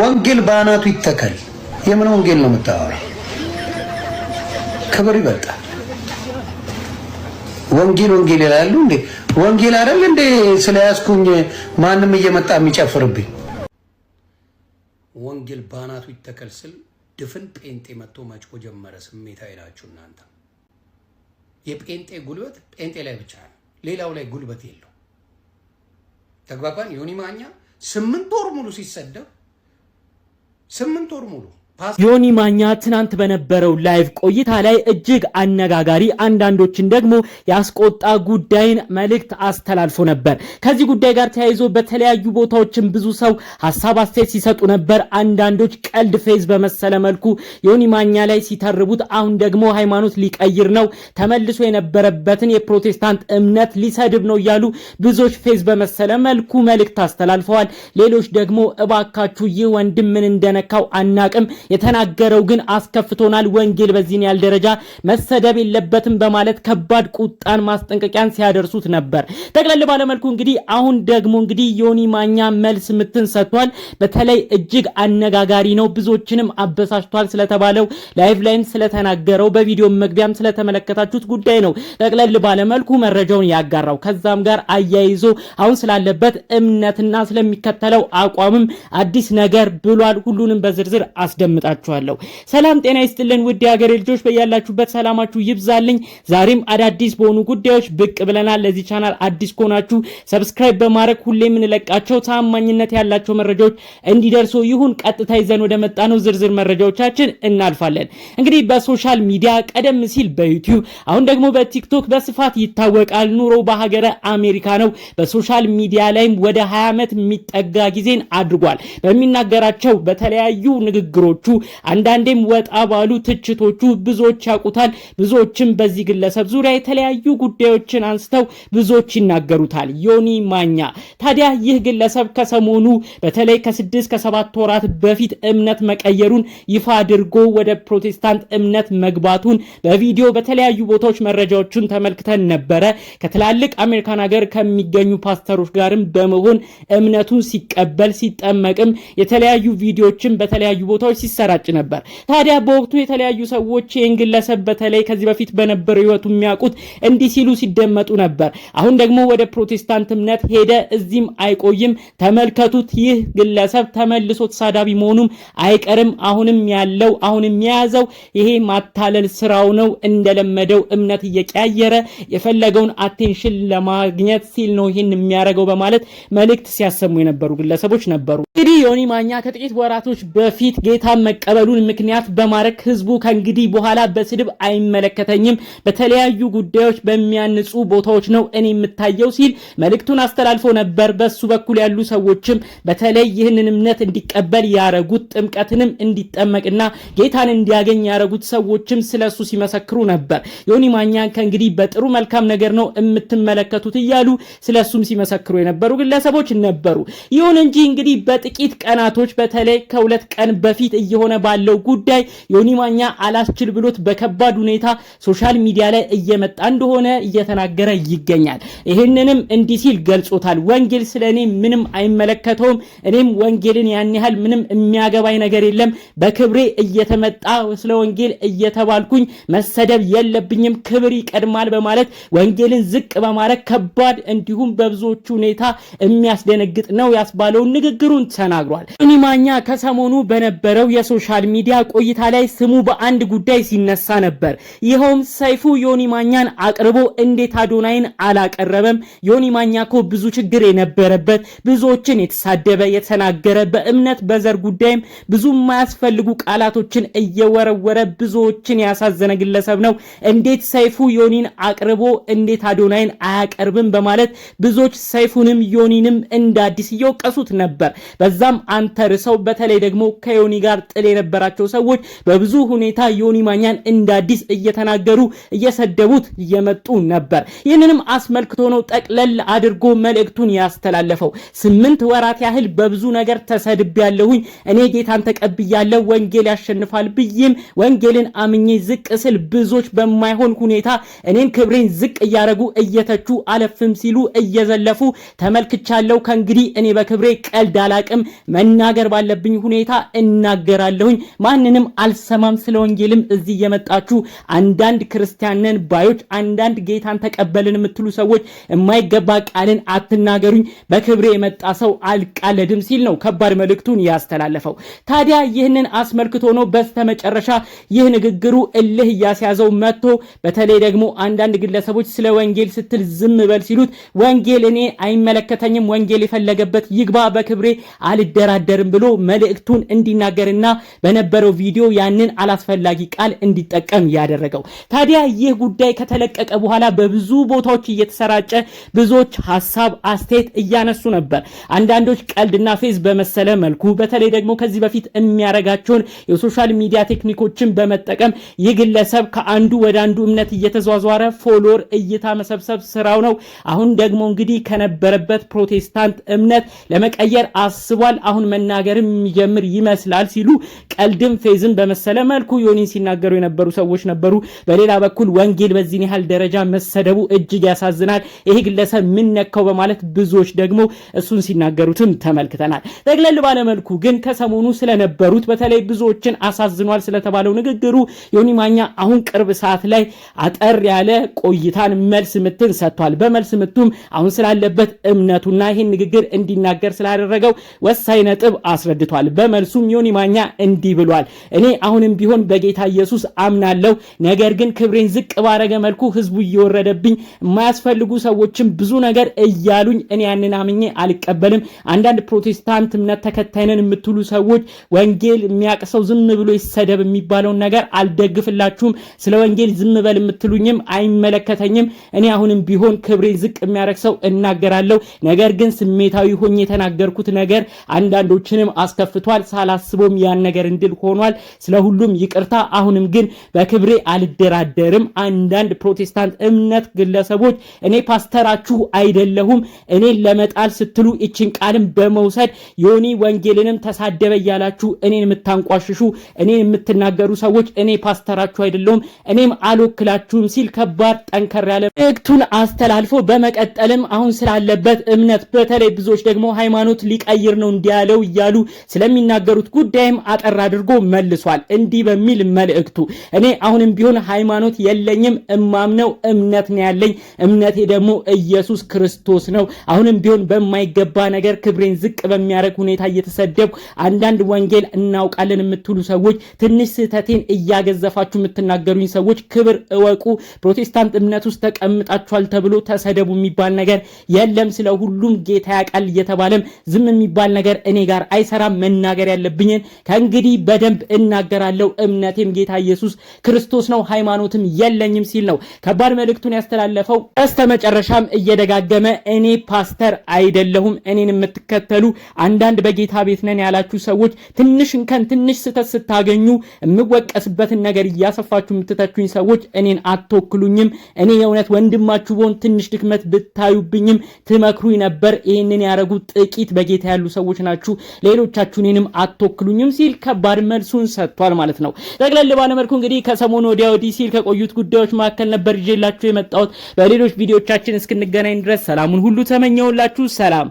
ወንጌል በአናቱ ይተከል። የምን ወንጌል ነው የምታወራው? ክብር ይበልጣል። ወንጌል ወንጌል ይላሉ እንዴ? ወንጌል አይደል እንዴ? ስለያዝኩኝ ማንም እየመጣ የሚጨፍርብኝ ወንጌል በአናቱ ይተከል ስል ድፍን ጴንጤ መጥቶ መጮ ጀመረ። ስሜት አይላችሁ እናንተ። የጴንጤ ጉልበት ጴንጤ ላይ ብቻ ነው፣ ሌላው ላይ ጉልበት የለው። ተግባባን። ዮኒ ማኛ ስምንት ወር ሙሉ ሲሰደብ ስምንት ወር ሙሉ ዮኒ ማኛ ትናንት በነበረው ላይቭ ቆይታ ላይ እጅግ አነጋጋሪ አንዳንዶችን ደግሞ ያስቆጣ ጉዳይን መልእክት አስተላልፎ ነበር። ከዚህ ጉዳይ ጋር ተያይዞ በተለያዩ ቦታዎችን ብዙ ሰው ሀሳብ አስተያየት ሲሰጡ ነበር። አንዳንዶች ቀልድ ፌዝ በመሰለ መልኩ ዮኒ ማኛ ላይ ሲተርቡት፣ አሁን ደግሞ ሃይማኖት ሊቀይር ነው፣ ተመልሶ የነበረበትን የፕሮቴስታንት እምነት ሊሰድብ ነው እያሉ ብዙዎች ፌዝ በመሰለ መልኩ መልእክት አስተላልፈዋል። ሌሎች ደግሞ እባካችሁ ይህ ወንድም ምን እንደነካው አናቅም የተናገረው ግን አስከፍቶናል። ወንጌል በዚህን ያህል ደረጃ መሰደብ የለበትም በማለት ከባድ ቁጣን ማስጠንቀቂያን ሲያደርሱት ነበር። ጠቅለል ባለመልኩ እንግዲህ አሁን ደግሞ እንግዲህ ዮኒ ማኛ መልስ ምትን ሰጥቷል። በተለይ እጅግ አነጋጋሪ ነው፣ ብዙዎችንም አበሳጭቷል ስለተባለው ላይቭ ላይም ስለተናገረው በቪዲዮ መግቢያም ስለተመለከታችሁት ጉዳይ ነው ጠቅለል ባለመልኩ መረጃውን ያጋራው። ከዛም ጋር አያይዞ አሁን ስላለበት እምነትና ስለሚከተለው አቋምም አዲስ ነገር ብሏል። ሁሉንም በዝርዝር አስደምጠ አስደምጣችኋለሁ። ሰላም ጤና ይስጥልን ውድ የሀገሬ ልጆች በያላችሁበት ሰላማችሁ ይብዛልኝ። ዛሬም አዳዲስ በሆኑ ጉዳዮች ብቅ ብለናል። ለዚህ ቻናል አዲስ ከሆናችሁ ሰብስክራይብ በማድረግ ሁሌ የምንለቃቸው ታማኝነት ያላቸው መረጃዎች እንዲደርሱ ይሁን። ቀጥታ ይዘን ወደ መጣ ነው ዝርዝር መረጃዎቻችን እናልፋለን። እንግዲህ በሶሻል ሚዲያ ቀደም ሲል በዩቲዩብ አሁን ደግሞ በቲክቶክ በስፋት ይታወቃል። ኑሮ በሀገረ አሜሪካ ነው። በሶሻል ሚዲያ ላይም ወደ 20 ዓመት የሚጠጋ ጊዜን አድርጓል። በሚናገራቸው በተለያዩ ንግግሮች ሀሳቦቹ፣ አንዳንዴም ወጣ ባሉ ትችቶቹ ብዙዎች ያውቁታል። ብዙዎችም በዚህ ግለሰብ ዙሪያ የተለያዩ ጉዳዮችን አንስተው ብዙዎች ይናገሩታል። ዮኒ ማኛ ታዲያ ይህ ግለሰብ ከሰሞኑ በተለይ ከስድስት ከሰባት ወራት በፊት እምነት መቀየሩን ይፋ አድርጎ ወደ ፕሮቴስታንት እምነት መግባቱን በቪዲዮ በተለያዩ ቦታዎች መረጃዎቹን ተመልክተን ነበረ። ከትላልቅ አሜሪካን ሀገር ከሚገኙ ፓስተሮች ጋርም በመሆን እምነቱን ሲቀበል ሲጠመቅም የተለያዩ ቪዲዮዎችን በተለያዩ ቦታዎች ሲሰራጭ ነበር። ታዲያ በወቅቱ የተለያዩ ሰዎች ይህን ግለሰብ በተለይ ከዚህ በፊት በነበረው ህይወቱ የሚያውቁት እንዲህ ሲሉ ሲደመጡ ነበር። አሁን ደግሞ ወደ ፕሮቴስታንት እምነት ሄደ፣ እዚህም አይቆይም፣ ተመልከቱት፣ ይህ ግለሰብ ተመልሶ ተሳዳቢ መሆኑም አይቀርም። አሁንም ያለው አሁንም የያዘው ይሄ ማታለል ስራው ነው። እንደለመደው እምነት እየቀያየረ የፈለገውን አቴንሽን ለማግኘት ሲል ነው ይህን የሚያደርገው በማለት መልእክት ሲያሰሙ የነበሩ ግለሰቦች ነበሩ። እንግዲህ ዮኒ ማኛ ከጥቂት ወራቶች በፊት ጌታ መቀበሉን ምክንያት በማድረግ ህዝቡ ከእንግዲህ በኋላ በስድብ አይመለከተኝም፣ በተለያዩ ጉዳዮች በሚያንጹ ቦታዎች ነው እኔ የምታየው ሲል መልእክቱን አስተላልፎ ነበር። በሱ በኩል ያሉ ሰዎችም በተለይ ይህንን እምነት እንዲቀበል ያረጉት ጥምቀትንም እንዲጠመቅና ጌታን እንዲያገኝ ያረጉት ሰዎችም ስለሱ ሲመሰክሩ ነበር። ዮኒ ማኛን ከእንግዲህ በጥሩ መልካም ነገር ነው የምትመለከቱት እያሉ ስለሱም ሲመሰክሩ የነበሩ ግለሰቦች ነበሩ። ይሁን እንጂ እንግዲህ በጥቂት ቀናቶች በተለይ ከሁለት ቀን በፊት እየሆነ ባለው ጉዳይ ዮኒ ማኛ አላስችል ብሎት በከባድ ሁኔታ ሶሻል ሚዲያ ላይ እየመጣ እንደሆነ እየተናገረ ይገኛል። ይህንንም እንዲህ ሲል ገልጾታል። ወንጌል ስለ እኔ ምንም አይመለከተውም። እኔም ወንጌልን ያን ያህል ምንም የሚያገባኝ ነገር የለም። በክብሬ እየተመጣ ስለ ወንጌል እየተባልኩኝ መሰደብ የለብኝም። ክብር ይቀድማል በማለት ወንጌልን ዝቅ በማድረግ ከባድ እንዲሁም በብዙዎቹ ሁኔታ የሚያስደነግጥ ነው ያስባለውን ንግግሩን ተናግሯል። ዮኒ ማኛ ከሰሞኑ በነበረው የሶሻል ሚዲያ ቆይታ ላይ ስሙ በአንድ ጉዳይ ሲነሳ ነበር። ይኸውም ሰይፉ ዮኒ ማኛን አቅርቦ እንዴት አዶናይን አላቀረበም? ዮኒ ማኛ እኮ ብዙ ችግር የነበረበት ብዙዎችን የተሳደበ የተናገረ፣ በእምነት በዘር ጉዳይም ብዙ የማያስፈልጉ ቃላቶችን እየወረወረ ብዙዎችን ያሳዘነ ግለሰብ ነው። እንዴት ሰይፉ ዮኒን አቅርቦ እንዴት አዶናይን አያቀርብም? በማለት ብዙዎች ሰይፉንም ዮኒንም እንደ አዲስ እየወቀሱት ነበር። በዛም ርሰው በተለይ ደግሞ ከዮኒ ጋር ጥል የነበራቸው ሰዎች በብዙ ሁኔታ ዮኒ ማኛን እንደ አዲስ እየተናገሩ እየሰደቡት እየመጡ ነበር። ይህንንም አስመልክቶ ነው ጠቅለል አድርጎ መልእክቱን ያስተላለፈው። ስምንት ወራት ያህል በብዙ ነገር ያለሁኝ እኔ ጌታን ተቀብያለሁ፣ ወንጌል ያሸንፋል ብዬም ወንጌልን አምኜ ዝቅ ስል ብዙዎች በማይሆን ሁኔታ እኔን ክብሬን ዝቅ እያደረጉ እየተቹ አለፍም ሲሉ እየዘለፉ ተመልክቻለሁ። ከእንግዲህ እኔ በክብሬ ቀልድ አላቅም፣ መናገር ባለብኝ ሁኔታ እናገ እናገራለሁኝ፣ ማንንም አልሰማም። ስለ ወንጌልም እዚህ እየመጣችሁ አንዳንድ ክርስቲያንን ባዮች፣ አንዳንድ ጌታን ተቀበልን የምትሉ ሰዎች የማይገባ ቃልን አትናገሩኝ፣ በክብሬ የመጣ ሰው አልቃለድም ሲል ነው ከባድ መልእክቱን ያስተላለፈው። ታዲያ ይህንን አስመልክቶ ነው በስተመጨረሻ ይህ ንግግሩ እልህ እያስያዘው መጥቶ በተለይ ደግሞ አንዳንድ ግለሰቦች ስለ ወንጌል ስትል ዝም በል ሲሉት ወንጌል እኔ አይመለከተኝም፣ ወንጌል የፈለገበት ይግባ፣ በክብሬ አልደራደርም ብሎ መልእክቱን እንዲናገርና እና በነበረው ቪዲዮ ያንን አላስፈላጊ ቃል እንዲጠቀም ያደረገው። ታዲያ ይህ ጉዳይ ከተለቀቀ በኋላ በብዙ ቦታዎች እየተሰራጨ ብዙዎች ሀሳብ አስተያየት እያነሱ ነበር። አንዳንዶች ቀልድና ፌዝ በመሰለ መልኩ በተለይ ደግሞ ከዚህ በፊት የሚያረጋቸውን የሶሻል ሚዲያ ቴክኒኮችን በመጠቀም ይህ ግለሰብ ከአንዱ ወደ አንዱ እምነት እየተዟዟረ ፎሎወር እይታ መሰብሰብ ስራው ነው። አሁን ደግሞ እንግዲህ ከነበረበት ፕሮቴስታንት እምነት ለመቀየር አስቧል። አሁን መናገርም የሚጀምር ይመስላል ሲሉ ቀልድን ፌዝን በመሰለ መልኩ ዮኒን ሲናገሩ የነበሩ ሰዎች ነበሩ። በሌላ በኩል ወንጌል በዚህን ያህል ደረጃ መሰደቡ እጅግ ያሳዝናል። ይሄ ግለሰብ ምን ነካው በማለት ብዙዎች ደግሞ እሱን ሲናገሩትም ተመልክተናል። ጠቅለል ባለመልኩ ግን ከሰሞኑ ስለነበሩት በተለይ ብዙዎችን አሳዝኗል ስለተባለው ንግግሩ ዮኒ ማኛ አሁን ቅርብ ሰዓት ላይ አጠር ያለ ቆይታን መልስ ምትን ሰጥቷል። በመልስ ምቱም አሁን ስላለበት እምነቱና ይህን ንግግር እንዲናገር ስላደረገው ወሳኝ ነጥብ አስረድቷል። በመልሱም ዮኒ ማኛ እንዲህ ብሏል፣ እኔ አሁንም ቢሆን በጌታ ኢየሱስ አምናለሁ። ነገር ግን ክብሬን ዝቅ ባረገ መልኩ ህዝቡ እየወረደብኝ፣ የማያስፈልጉ ሰዎችም ብዙ ነገር እያሉኝ እኔ ያንን አምኜ አልቀበልም። አንዳንድ ፕሮቴስታንት እምነት ተከታይነን የምትሉ ሰዎች ወንጌል የሚያቅሰው ዝም ብሎ ይሰደብ የሚባለውን ነገር አልደግፍላችሁም። ስለ ወንጌል ዝም በል የምትሉኝም አይመለከተኝም። እኔ አሁንም ቢሆን ክብሬን ዝቅ የሚያደርግ ሰው እናገራለሁ። ነገር ግን ስሜታዊ ሆኜ የተናገርኩት ነገር አንዳንዶችንም አስከፍቷል። ሳላስቦም ያ ያን ነገር እንድል ሆኗል። ስለ ሁሉም ይቅርታ። አሁንም ግን በክብሬ አልደራደርም። አንዳንድ ፕሮቴስታንት እምነት ግለሰቦች እኔ ፓስተራችሁ አይደለሁም፣ እኔን ለመጣል ስትሉ ይችን ቃልም በመውሰድ ዮኒ ወንጌልንም ተሳደበ እያላችሁ እኔን የምታንቋሽሹ እኔን የምትናገሩ ሰዎች እኔ ፓስተራችሁ አይደለሁም፣ እኔም አልወክላችሁም ሲል ከባድ ጠንከር ያለ መልእክቱን አስተላልፎ በመቀጠልም አሁን ስላለበት እምነት በተለይ ብዙዎች ደግሞ ሃይማኖት ሊቀይር ነው እንዲያለው እያሉ ስለሚናገሩት ጉዳይም አጠር አድርጎ መልሷል። እንዲህ በሚል መልእክቱ እኔ አሁንም ቢሆን ሃይማኖት የለኝም፣ እማምነው እምነት ነው ያለኝ። እምነቴ ደግሞ ኢየሱስ ክርስቶስ ነው። አሁንም ቢሆን በማይገባ ነገር ክብሬን ዝቅ በሚያደርግ ሁኔታ እየተሰደብኩ አንዳንድ ወንጌል እናውቃለን የምትሉ ሰዎች ትንሽ ስህተቴን እያገዘፋችሁ የምትናገሩኝ ሰዎች ክብር እወቁ። ፕሮቴስታንት እምነት ውስጥ ተቀምጣችኋል ተብሎ ተሰደቡ የሚባል ነገር የለም። ስለ ሁሉም ጌታ ያውቃል እየተባለም ዝም የሚባል ነገር እኔ ጋር አይሰራም። መናገር ያለብኝን ከእንግዲህ በደንብ እናገራለሁ፣ እምነቴም ጌታ ኢየሱስ ክርስቶስ ነው፣ ሃይማኖትም የለኝም ሲል ነው ከባድ መልእክቱን ያስተላለፈው። በስተ መጨረሻም እየደጋገመ እኔ ፓስተር አይደለሁም፣ እኔን የምትከተሉ አንዳንድ በጌታ ቤት ነን ያላችሁ ሰዎች ትንሽ እንከን ትንሽ ስህተት ስታገኙ የምወቀስበትን ነገር እያሰፋችሁ የምትተቹኝ ሰዎች እኔን አትወክሉኝም። እኔ የእውነት ወንድማችሁ ብሆን ትንሽ ድክመት ብታዩብኝም ትመክሩኝ ነበር። ይህንን ያደረጉ ጥቂት በጌታ ያሉ ሰዎች ናችሁ፣ ሌሎቻችሁ እኔንም አትወክሉኝም ሲል ከባድ መልሱን ሰጥቷል ማለት ነው። ጠቅለል ባለመልኩ እንግዲህ ከሰሞኑ ወዲያ ወዲህ ሲል ከቆዩት ጉዳዮች መካከል ነበር ይዤላችሁ የመጣሁት። በሌሎች ቪዲዮቻችን እስክንገናኝ ድረስ ሰላሙን ሁሉ ተመኘውላችሁ። ሰላም